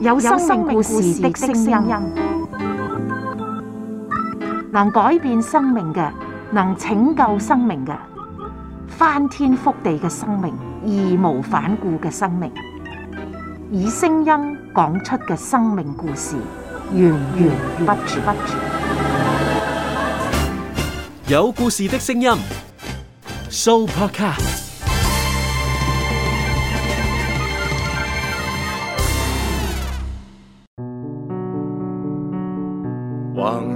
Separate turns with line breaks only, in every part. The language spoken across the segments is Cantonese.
有生命故事的聲音，能改變生命嘅，能拯救生命嘅，翻天覆地嘅生命，義無反顧嘅生命，以聲音講出嘅生命故事，源源不絕。有故事的聲音，Supercar。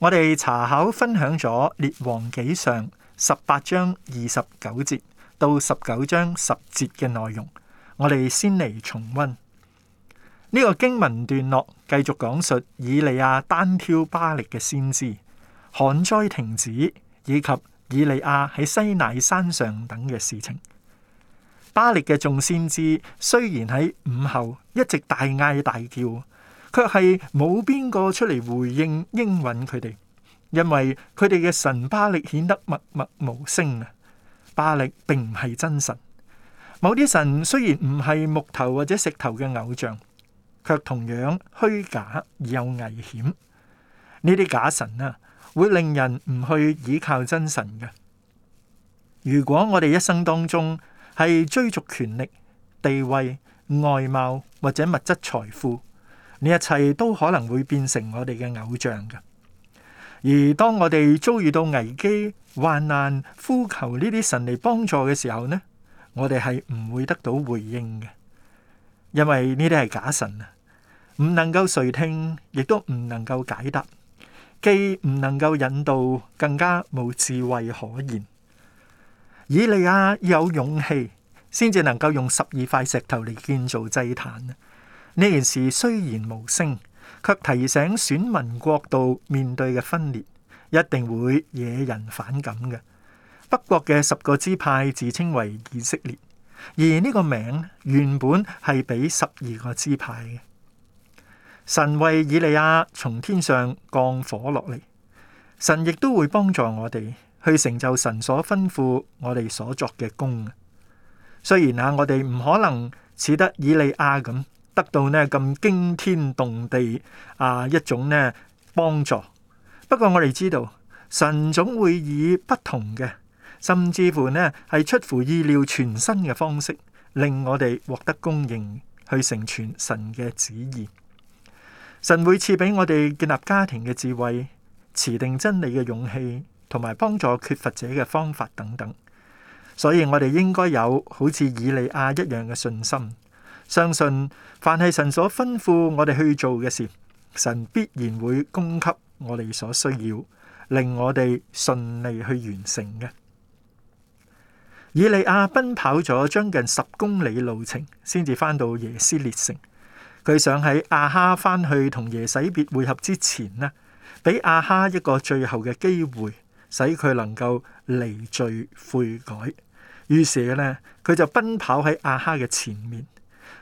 我哋查考分享咗列王紀上十八章二十九節到十九章十節嘅內容，我哋先嚟重溫呢、這個經文段落，繼續講述以利亞單挑巴力嘅先知，旱災停止以及以利亞喺西乃山上等嘅事情。巴力嘅眾先知雖然喺午後一直大嗌大叫。卻係冇邊個出嚟回應應允佢哋，因為佢哋嘅神巴力顯得默默無聲啊。巴力並唔係真神，某啲神雖然唔係木頭或者石頭嘅偶像，卻同樣虛假而又危險。呢啲假神啊，會令人唔去依靠真神嘅。如果我哋一生當中係追逐權力、地位、外貌或者物質財富，呢一切都可能會變成我哋嘅偶像㗎，而當我哋遭遇到危機、患難，呼求呢啲神嚟幫助嘅時候呢，我哋係唔會得到回應嘅，因為呢啲係假神啊，唔能夠垂聽，亦都唔能夠解答，既唔能夠引導，更加冇智慧可言。以利亞有勇氣，先至能夠用十二塊石頭嚟建造祭壇。呢件事雖然無聲，卻提醒選民國度面對嘅分裂，一定會惹人反感嘅。北國嘅十個支派自稱為以色列，而呢個名原本係俾十二個支派嘅。神為以利亞從天上降火落嚟，神亦都會幫助我哋去成就神所吩咐我哋所作嘅功。雖然啊，我哋唔可能似得以利亞咁。得到呢咁驚天動地啊一種呢幫助，不過我哋知道神總會以不同嘅，甚至乎呢係出乎意料全新嘅方式，令我哋獲得供應，去成全神嘅旨意。神會賜俾我哋建立家庭嘅智慧，持定真理嘅勇氣，同埋幫助缺乏者嘅方法等等。所以我哋應該有好似以利亞一樣嘅信心。相信凡係神所吩咐我哋去做嘅事，神必然會供給我哋所需要，令我哋順利去完成嘅。以利亞奔跑咗將近十公里路程，先至翻到耶斯列城。佢想喺阿哈翻去同耶洗別會合之前呢，俾阿哈一個最後嘅機會，使佢能夠離罪悔改。於是呢，佢就奔跑喺阿哈嘅前面。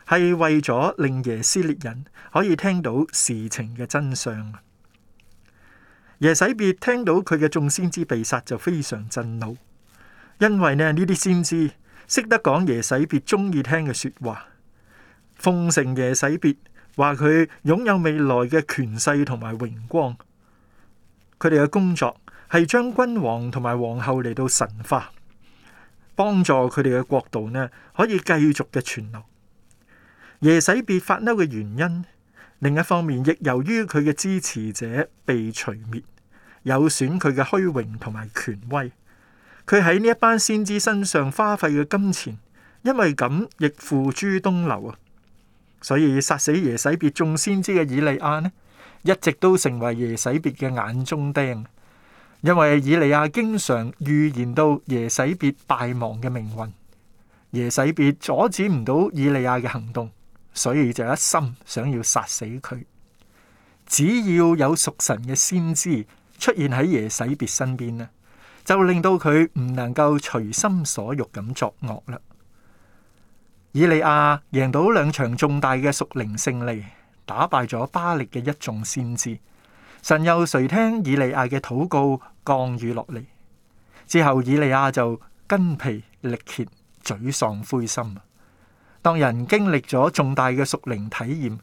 係為咗令耶斯列人可以聽到事情嘅真相，耶洗別聽到佢嘅眾先知被殺就非常震怒，因為呢呢啲先知識得講耶洗別中意聽嘅說話，奉承耶洗別話佢擁有未來嘅權勢同埋榮光。佢哋嘅工作係將君王同埋皇后嚟到神化，幫助佢哋嘅國度呢可以繼續嘅存留。耶洗別發嬲嘅原因，另一方面亦由於佢嘅支持者被除滅，有損佢嘅虛榮同埋權威。佢喺呢一班先知身上花費嘅金錢，因為咁亦付諸東流啊！所以殺死耶洗別眾先知嘅以利亞呢，一直都成為耶洗別嘅眼中釘，因為以利亞經常預言到耶洗別敗亡嘅命運，耶洗別阻止唔到以利亞嘅行動。所以就一心想要殺死佢。只要有屬神嘅先知出現喺耶洗別身邊咧，就令到佢唔能夠隨心所欲咁作惡啦。以利亞贏到兩場重大嘅屬靈勝利，打敗咗巴力嘅一眾先知。神又垂聽以利亞嘅禱告，降雨落嚟。之後，以利亞就筋疲力竭、沮喪灰心。當人經歷咗重大嘅屬靈體驗，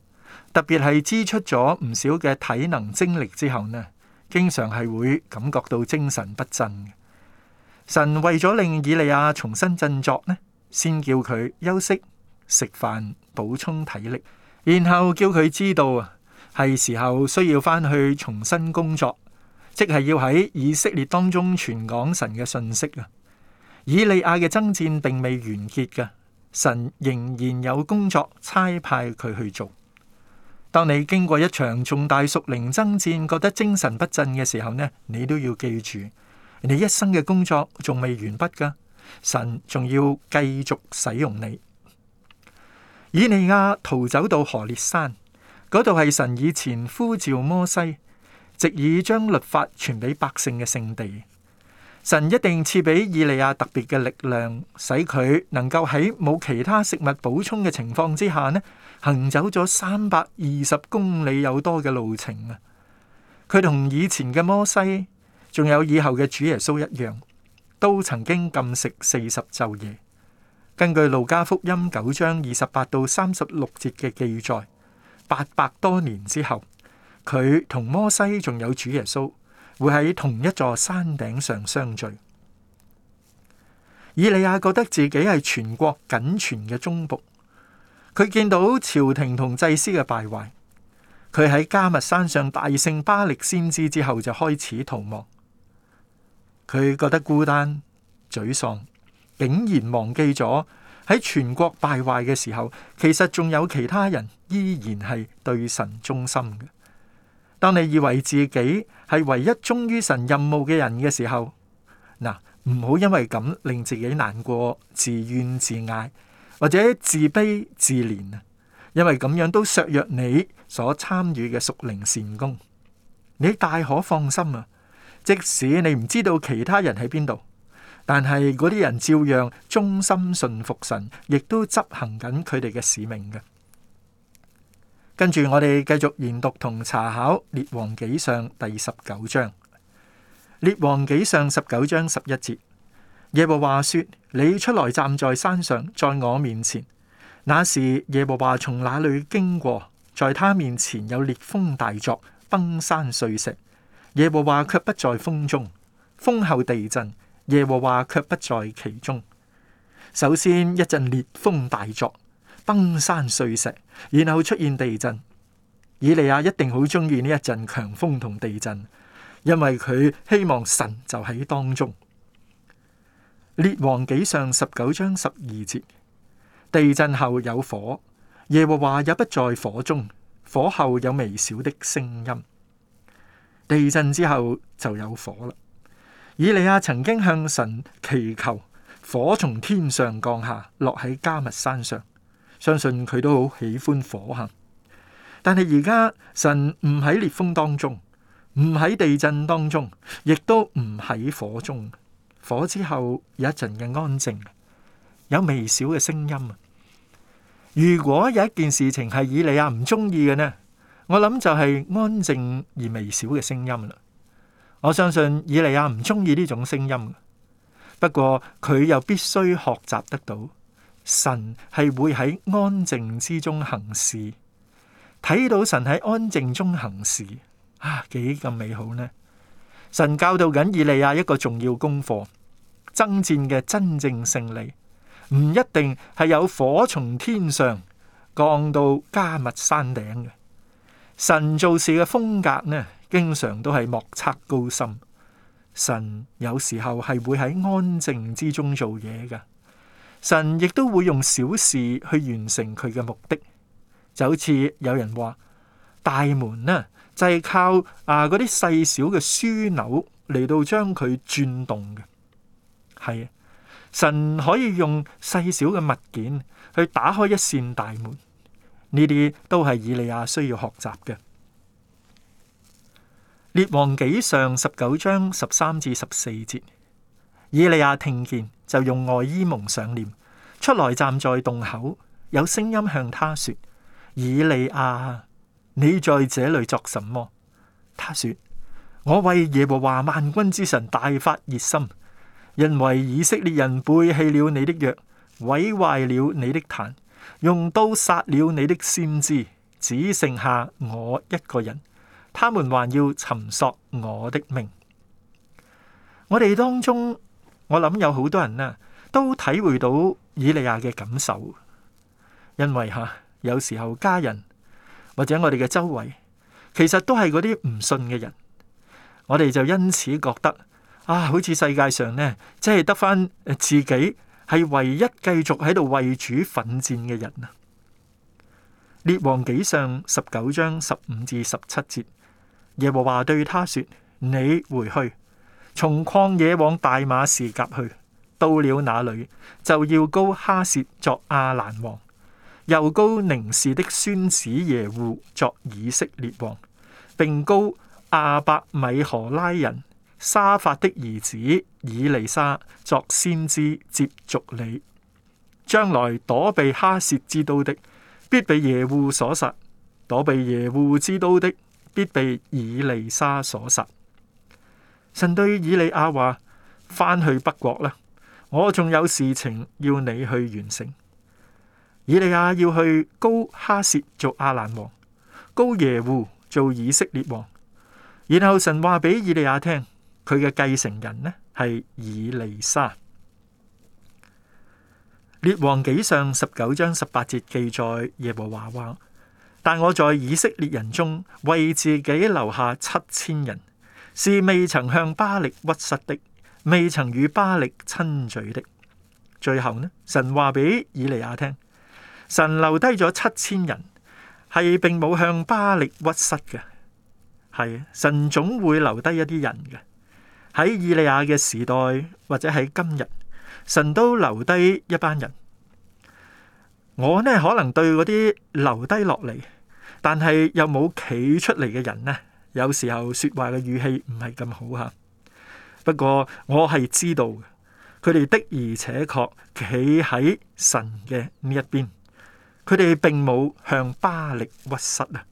特別係支出咗唔少嘅體能精力之後呢，經常係會感覺到精神不振。神為咗令以利亞重新振作呢，先叫佢休息、食飯、補充體力，然後叫佢知道啊，係時候需要返去重新工作，即係要喺以色列當中傳講神嘅信息啊。以利亞嘅爭戰並未完結噶。神仍然有工作差派佢去做。當你經過一場重大屬靈爭戰，覺得精神不振嘅時候呢，你都要記住，你一生嘅工作仲未完畢噶，神仲要繼續使用你。以利亞逃走到何烈山，嗰度係神以前呼召摩西，直以將律法傳俾百姓嘅聖地。神一定賜俾以利亞特別嘅力量，使佢能夠喺冇其他食物補充嘅情況之下呢，行走咗三百二十公里有多嘅路程啊！佢同以前嘅摩西，仲有以後嘅主耶穌一樣，都曾經禁食四十晝夜。根據路加福音九章二十八到三十六節嘅記載，八百多年之後，佢同摩西仲有主耶穌，會喺同一座山頂上相聚。以利亞覺得自己係全國僅存嘅忠僕，佢見到朝廷同祭司嘅敗壞，佢喺加密山上大勝巴力先知之後就開始逃亡。佢覺得孤單、沮喪，竟然忘記咗喺全國敗壞嘅時候，其實仲有其他人依然係對神忠心嘅。當你以為自己係唯一忠於神任務嘅人嘅時候，嗱，唔好因為咁令自己難過、自怨自艾或者自卑自憐啊！因為咁樣都削弱你所參與嘅屬靈善功。你大可放心啊！即使你唔知道其他人喺邊度，但係嗰啲人照樣忠心信服神，亦都執行緊佢哋嘅使命㗎。跟住我哋繼續研讀同查考列王紀上第十九章，列王紀上十九章十一節，耶和華說：你出來站在山上，在我面前。那時耶和華從那裡經過，在他面前有烈風大作，崩山碎石。耶和華卻不在風中，風後地震，耶和華卻不在其中。首先一陣烈風大作。崩山碎石，然後出現地震。以利亞一定好中意呢一陣強風同地震，因為佢希望神就喺當中。列王紀上十九章十二節，地震後有火，耶和華也不在火中。火後有微小的聲音，地震之後就有火啦。以利亞曾經向神祈求，火從天上降下，落喺迦密山上。相信佢都好喜歡火行，但係而家神唔喺烈風當中，唔喺地震當中，亦都唔喺火中。火之後有一陣嘅安靜，有微小嘅聲音。如果有一件事情係以利亞唔中意嘅呢，我諗就係安靜而微小嘅聲音啦。我相信以利亞唔中意呢種聲音，不過佢又必須學習得到。神係會喺安靜之中行事，睇到神喺安靜中行事啊，幾咁美好呢？神教導緊以利亞一個重要功課，爭戰嘅真正勝利唔一定係有火從天上降到迦密山頂嘅。神做事嘅風格呢，經常都係莫測高深。神有時候係會喺安靜之中做嘢㗎。神亦都會用小事去完成佢嘅目的，就好似有人話大門呢、啊、就係、是、靠啊嗰啲細小嘅樞紐嚟到將佢轉動嘅，係啊，神可以用細小嘅物件去打開一扇大門，呢啲都係以利亞需要學習嘅。列王紀上十九章十三至十四節，以利亞聽見。就用外衣蒙上臉，出來站在洞口，有聲音向他說：以利亞，你在這裏作什麼？他說：我為耶和華萬軍之神大發熱心，因為以色列人背棄了你的約，毀壞了你的壇，用刀殺了你的先知，只剩下我一個人，他們還要尋索我的命。我哋當中。我諗有好多人呢，啊，都體會到以利亞嘅感受，因為吓，啊、有時候家人或者我哋嘅周圍，其實都係嗰啲唔信嘅人，我哋就因此覺得啊，好似世界上呢，即係得返自己係唯一繼續喺度為主奮戰嘅人啊！列王紀上十九章十五至十七節，耶和華對他說：你回去。從曠野往大馬士革去，到了那裏就要高哈涉作亞蘭王，又高寧氏的孫子耶戶作以色列王，並高亞伯米何拉人沙法的兒子以利沙作先知接續你。將來躲避哈涉之刀的必被耶戶所殺，躲避耶戶之刀的必被以利沙所殺。神對以利亞話：翻去北國啦，我仲有事情要你去完成。以利亞要去高哈薛做阿蘭王，高耶戶做以色列王。然後神話俾以利亞聽，佢嘅繼承人呢係以利沙。列王紀上十九章十八節記載耶和華話：但我在以色列人中為自己留下七千人。是未曾向巴力屈膝的，未曾與巴力親嘴的。最後呢，神話俾以利亞聽，神留低咗七千人，係並冇向巴力屈膝嘅。係，神總會留低一啲人嘅。喺以利亞嘅時代，或者喺今日，神都留低一班人。我呢，可能對嗰啲留低落嚟，但係又冇企出嚟嘅人呢？有時候說話嘅語氣唔係咁好吓，不過我係知道，佢哋的而且確企喺神嘅呢一邊，佢哋並冇向巴力屈膝啊！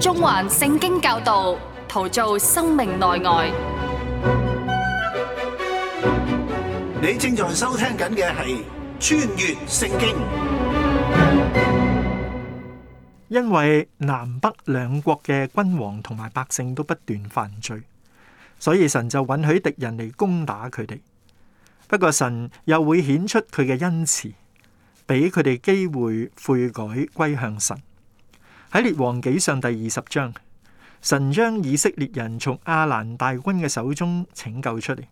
中環聖經教導，陶造生命內外。你正在收聽緊嘅係《穿越聖經》。因為南北兩國嘅君王同埋百姓都不斷犯罪，所以神就允許敵人嚟攻打佢哋。不過神又會顯出佢嘅恩慈，俾佢哋機會悔改歸向神。喺列王紀上第二十章，神將以色列人從亞蘭大軍嘅手中拯救出嚟。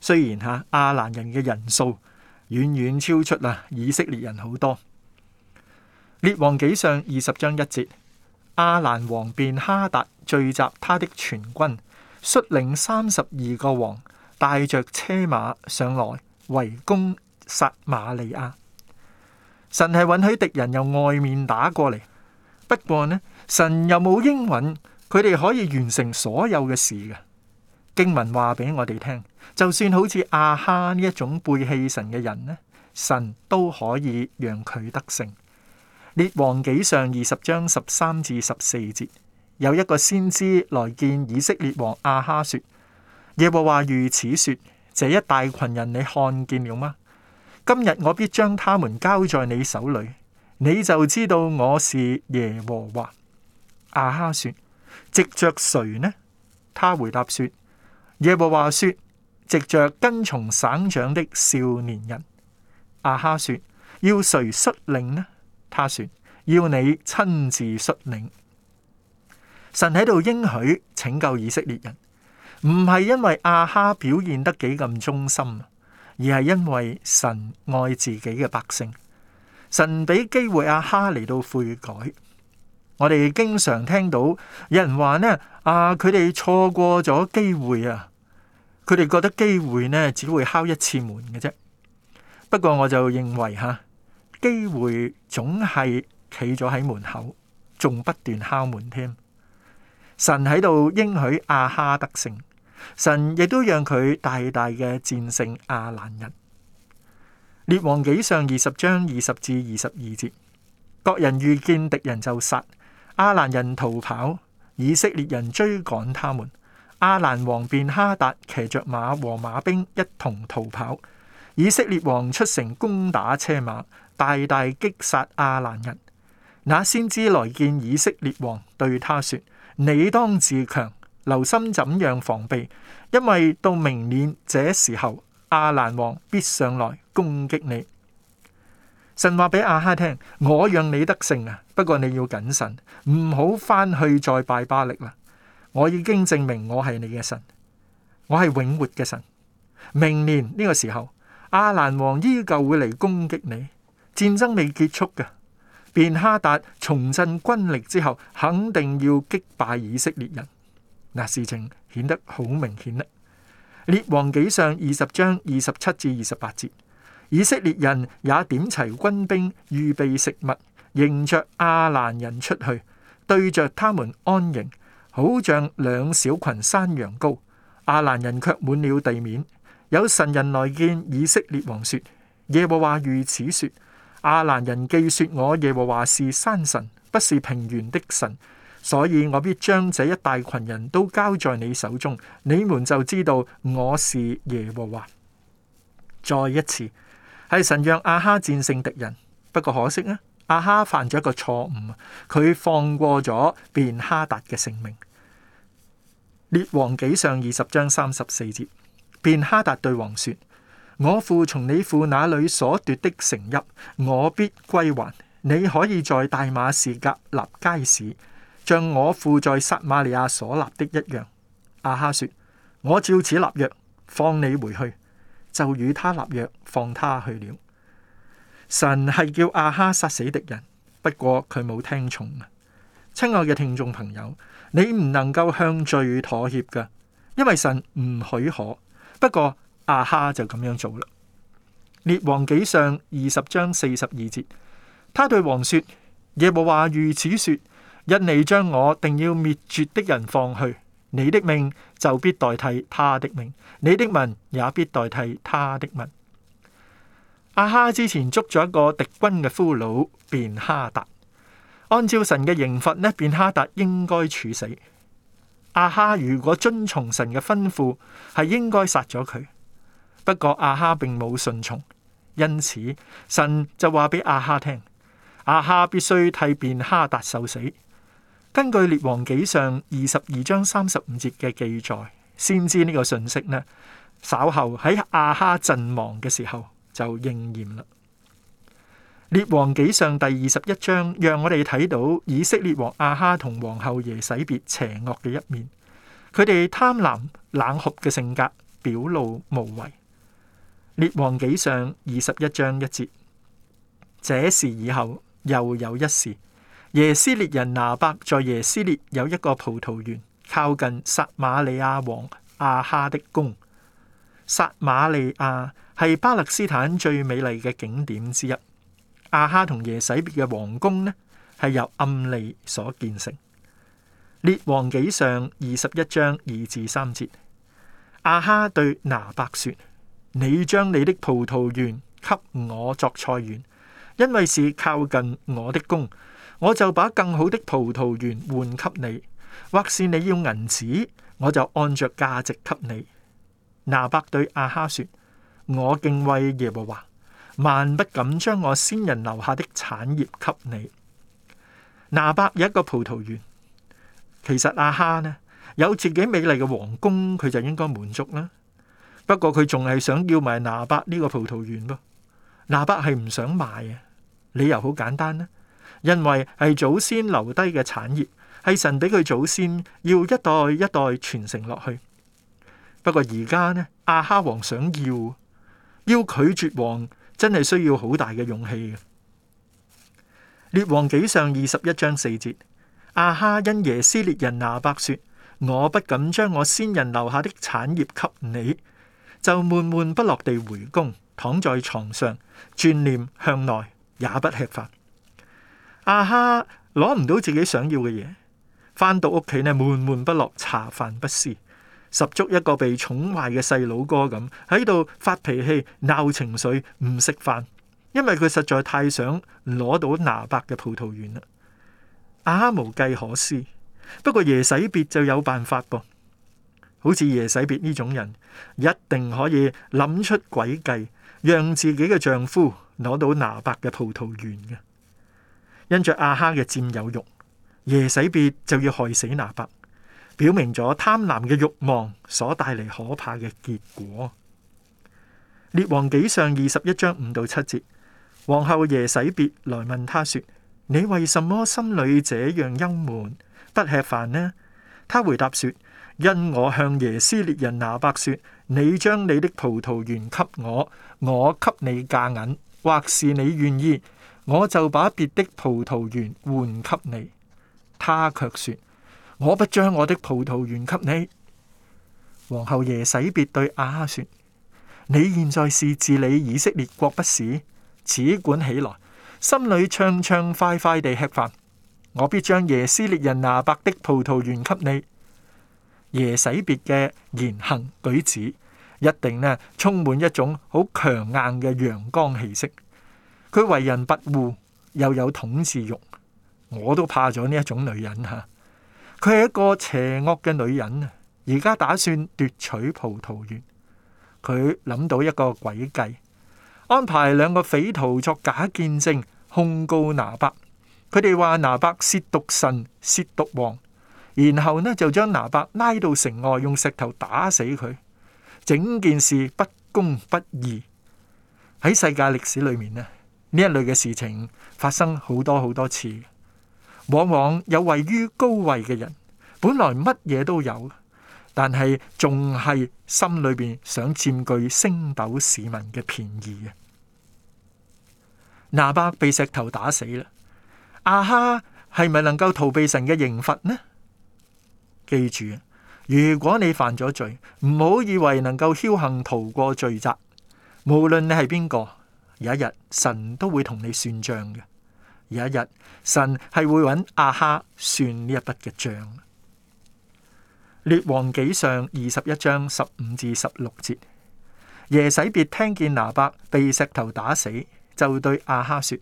雖然吓亞蘭人嘅人數遠遠超出啊以色列人好多。列王紀上二十章一節，阿蘭王便哈達聚集他的全軍，率領三十二個王，帶着車馬上來圍攻撒馬利亞。神係允許敵人由外面打過嚟，不過呢，神又冇應允佢哋可以完成所有嘅事嘅。經文話俾我哋聽，就算好似阿哈呢一種背棄神嘅人呢，神都可以讓佢得勝。列王紀上二十章十三至十四節，有一個先知來見以色列王亞哈，說：耶和華如此說：這一大群人，你看見了嗎？今日我必將他們交在你手裏，你就知道我是耶和華。亞哈說：藉着誰呢？他回答說：耶和華說：藉着跟從省長的少年人。亞哈說：要誰率領呢？他說：要你親自率領，神喺度應許拯救以色列人，唔係因為阿哈表現得幾咁忠心，而係因為神愛自己嘅百姓。神俾機會阿哈嚟到悔改。我哋經常聽到有人話呢，啊，佢哋錯過咗機會啊，佢哋覺得機會呢只會敲一次門嘅啫。不過我就認為吓。機會總係企咗喺門口，仲不斷敲門添。神喺度應許亞哈得勝，神亦都讓佢大大嘅戰勝亞蘭人。列王紀上二十章二十至二十二節，各人遇見敵人就殺，亞蘭人逃跑，以色列人追趕他們。亞蘭王便哈達騎着馬和馬兵一同逃跑，以色列王出城攻打車馬。大大擊殺阿蘭人，那先知來見以色列王，對他說：你當自強，留心怎樣防備，因為到明年這時候，阿蘭王必上來攻擊你。神話俾阿哈聽：我讓你得勝啊，不過你要謹慎，唔好返去再拜巴力啦。我已經證明我係你嘅神，我係永活嘅神。明年呢個時候，阿蘭王依舊會嚟攻擊你。戰爭未結束嘅，便哈達重振軍力之後，肯定要擊敗以色列人。嗱，事情顯得好明顯啦。列王紀上二十章二十七至二十八節，以色列人也點齊軍兵，預備食物，迎着亞蘭人出去，對着他們安營，好像兩小群山羊羔。亞蘭人卻滿了地面。有神人來見以色列王，說，耶和華如此說。亞蘭人既說我耶和華是山神，不是平原的神，所以我必將這一大群人都交在你手中，你們就知道我是耶和華。再一次，係神讓阿哈戰勝敵人。不過可惜啊，阿哈犯咗一個錯誤，佢放過咗便哈達嘅性命。列王紀上二十章三十四節，便哈達對王說。我父從你父那裏所奪的城邑，我必歸還。你可以在大馬士革立街市，像我父在撒瑪利亞所立的一樣。亞哈說：我照此立約，放你回去。就與他立約，放他去了。神係叫亞哈殺死敵人，不過佢冇聽從。親愛嘅聽眾朋友，你唔能夠向罪妥協㗎，因為神唔許可。不過，阿哈就咁樣做啦。《列王紀上》二十章四十二節，他對王說：耶和華如此說：因你將我定要滅絕的人放去，你的命就必代替他的命，你的民也必代替他的民。阿哈之前捉咗一個敵軍嘅俘虜，便哈達。按照神嘅刑罰呢，便哈達應該處死。阿哈如果遵從神嘅吩咐，係應該殺咗佢。不過阿哈並冇順從，因此神就話俾阿哈聽：阿哈必須替便哈達受死。根據《列王紀》上二十二章三十五節嘅記載，先知呢個信息呢稍後喺阿哈陣亡嘅時候就應驗啦。《列王紀》上第二十一章讓我哋睇到以色列王阿哈同皇后耶洗別邪惡嘅一面，佢哋貪婪冷酷嘅性格表露無遺。列王紀上二十一章一節，這事以後又有一事。耶斯列人拿伯在耶斯列有一個葡萄園，靠近撒瑪利亞王亞哈的宮。撒瑪利亞係巴勒斯坦最美麗嘅景點之一。亞哈同耶洗別嘅皇宮呢，係由暗利所建成。列王紀上二十一章二至三節，亞哈對拿伯說。你將你的葡萄園給我作菜園，因為是靠近我的宮，我就把更好的葡萄園換給你。或是你要銀子，我就按着價值給你。拿伯對亞哈說：我敬畏耶和華，萬不敢將我先人留下的產業給你。拿伯有一個葡萄園，其實亞哈呢有自己美麗嘅王宮，佢就應該滿足啦。不過佢仲係想要埋拿伯呢個葡萄園噃，拿伯係唔想賣啊，理由好簡單啦，因為係祖先留低嘅產業，係神俾佢祖先要一代一代傳承落去。不過而家呢，亞哈王想要，要拒絕王真係需要好大嘅勇氣嘅。列王紀上二十一章四節，亞哈因耶斯列人拿伯說：我不敢將我先人留下的產業給你。就悶悶不樂地回宮，躺在床上，轉念向內，也不吃飯。亞哈，攞唔到自己想要嘅嘢，返到屋企呢，悶悶不樂，茶飯不思，十足一個被寵壞嘅細佬哥咁，喺度發脾氣、鬧情緒，唔食飯，因為佢實在太想攞到拿伯嘅葡萄園啦。亞哈，無計可施，不過耶洗別就有辦法噃。好似耶洗別呢種人，一定可以諗出詭計，讓自己嘅丈夫攞到拿伯嘅葡萄園嘅。因着阿哈嘅佔有欲，耶洗別就要害死拿伯，表明咗貪婪嘅慾望所帶嚟可怕嘅結果。列王紀上二十一章五到七節，皇后耶洗別來問他說：你為什麼心裏這樣憂悶，不吃飯呢？他回答說。因我向耶斯列人拿伯說：你將你的葡萄園給我，我給你價銀；或是你願意，我就把別的葡萄園換給你。他却說：我不將我的葡萄園給你。皇后耶洗別對亞哈說：你現在是治理以色列國不是？只管起來，心裏暢暢快快地吃飯，我必將耶斯列人拿伯的葡萄園給你。耶洗別嘅言行舉止，一定呢充滿一種好強硬嘅陽光氣息。佢為人跋扈，又有統治慾，我都怕咗呢一種女人吓。佢係一個邪惡嘅女人，而家打算奪取葡萄園，佢諗到一個詭計，安排兩個匪徒作假見證控告拿伯。佢哋話拿伯褻瀆神、褻瀆王。然後呢，就將拿伯拉到城外，用石頭打死佢。整件事不公不義。喺世界歷史裏面呢，呢一類嘅事情發生好多好多次。往往有位於高位嘅人，本來乜嘢都有，但係仲係心裏邊想佔據升斗市民嘅便宜嘅。拿伯被石頭打死啦。阿哈係咪能夠逃避神嘅刑罰呢？記住，如果你犯咗罪，唔好以為能夠僥倖逃過罪責。無論你係邊個，有一日神都會同你算賬嘅。有一日神係會揾亞哈算呢一筆嘅賬。列王紀上二十一章十五至十六節，耶洗別聽見拿伯被石頭打死，就對亞哈說：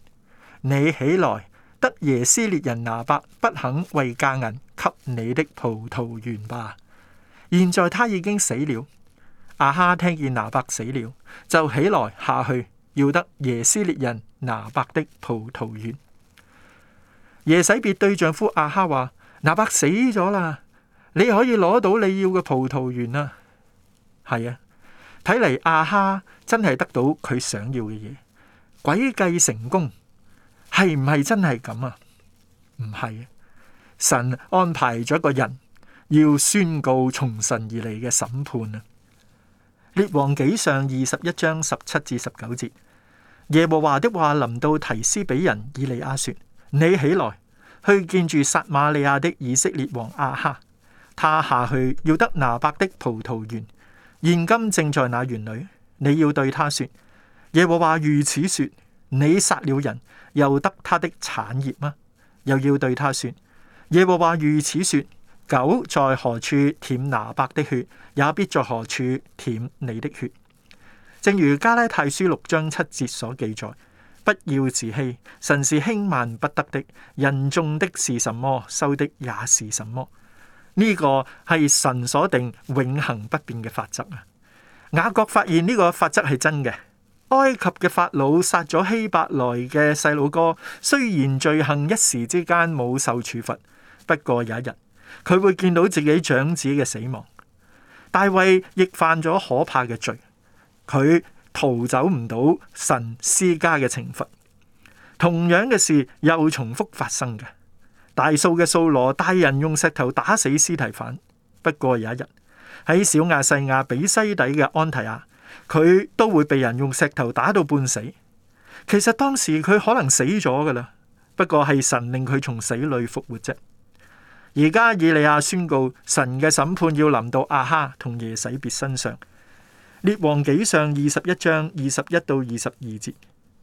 你起來。得耶斯列人拿伯不肯為價銀給你的葡萄園吧。現在他已經死了。亞哈聽見拿伯死了，就起來下去要得耶斯列人拿伯的葡萄園。耶洗別對丈夫亞哈話：拿伯死咗啦，你可以攞到你要嘅葡萄園啦。係啊，睇嚟亞哈真係得到佢想要嘅嘢，詭計成功。係唔係真係咁啊？唔係啊，神安排咗一個人要宣告從神而嚟嘅審判啊！列王紀上二十一章十七至十九節，耶和華的話臨到提斯比人以利亞說：你起來去見住撒瑪利亞的以色列王亞哈，他下去要得拿伯的葡萄園，現今正在那園裏，你要對他說：耶和華如此說。你殺了人，又得他的產業嗎？又要對他說：耶和華如此說，狗在何處舔拿伯的血，也必在何處舔你的血。正如加拉太書六章七節所記載：不要自欺，神是輕慢不得的。人種的是什麼，收的也是什麼。呢、這個係神所定、永恆不變嘅法則啊！雅各發現呢個法則係真嘅。埃及嘅法老殺咗希伯來嘅細路哥，雖然罪行一時之間冇受處罰，不過有一日佢會見到自己長子嘅死亡。大衛亦犯咗可怕嘅罪，佢逃走唔到神施加嘅懲罰。同樣嘅事又重複發生嘅。大數嘅掃羅帶人用石頭打死司提反，不過有一日喺小亞細亞比西底嘅安提亞。佢都會被人用石頭打到半死，其實當時佢可能死咗噶啦，不過係神令佢從死裏复活啫。而家以利亞宣告神嘅審判要臨到亞哈同耶洗別身上。列王紀上二十一章二十一到二十二節，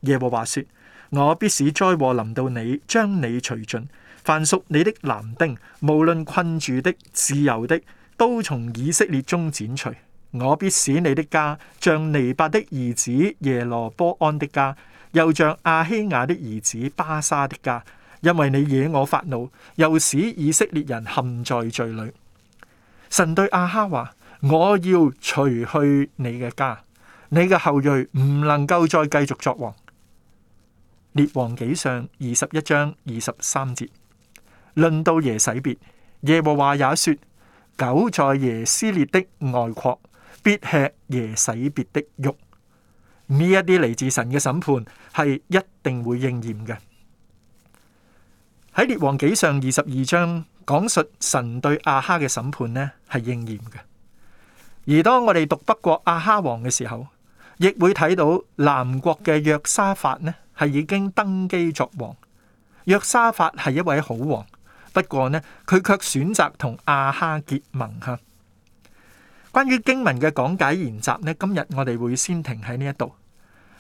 耶和華說：我必使災禍臨到你，將你除盡。凡屬你的男丁，無論困住的、自由的，都從以色列中剪除。我必使你的家像尼伯的兒子耶羅波安的家，又像阿希亞的兒子巴沙的家，因為你惹我發怒，又使以色列人陷在罪裏。神對阿哈話：我要除去你嘅家，你嘅後裔唔能夠再繼續作王。列王紀上二十一章二十三節，論到耶洗別，耶和華也說：狗在耶斯列的外擴必吃耶洗別的肉。呢一啲嚟自神嘅審判係一定會應驗嘅。喺列王紀上二十二章講述神對亞哈嘅審判呢係應驗嘅。而當我哋讀北國亞哈王嘅時候，亦會睇到南國嘅約沙法呢係已經登基作王。約沙法係一位好王，不過呢，佢卻選擇同亞哈結盟吓。關於經文嘅講解研習呢，今日我哋會先停喺呢一度。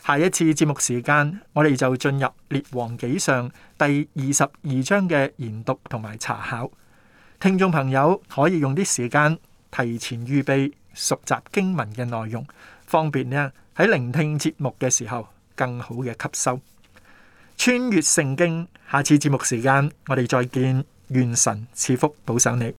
下一次節目時間，我哋就進入列王紀上第二十二章嘅研讀同埋查考。聽眾朋友可以用啲時間提前預備熟習經文嘅內容，方便呢喺聆聽節目嘅時候更好嘅吸收。穿越聖經，下次節目時間我哋再見，願神賜福保守你。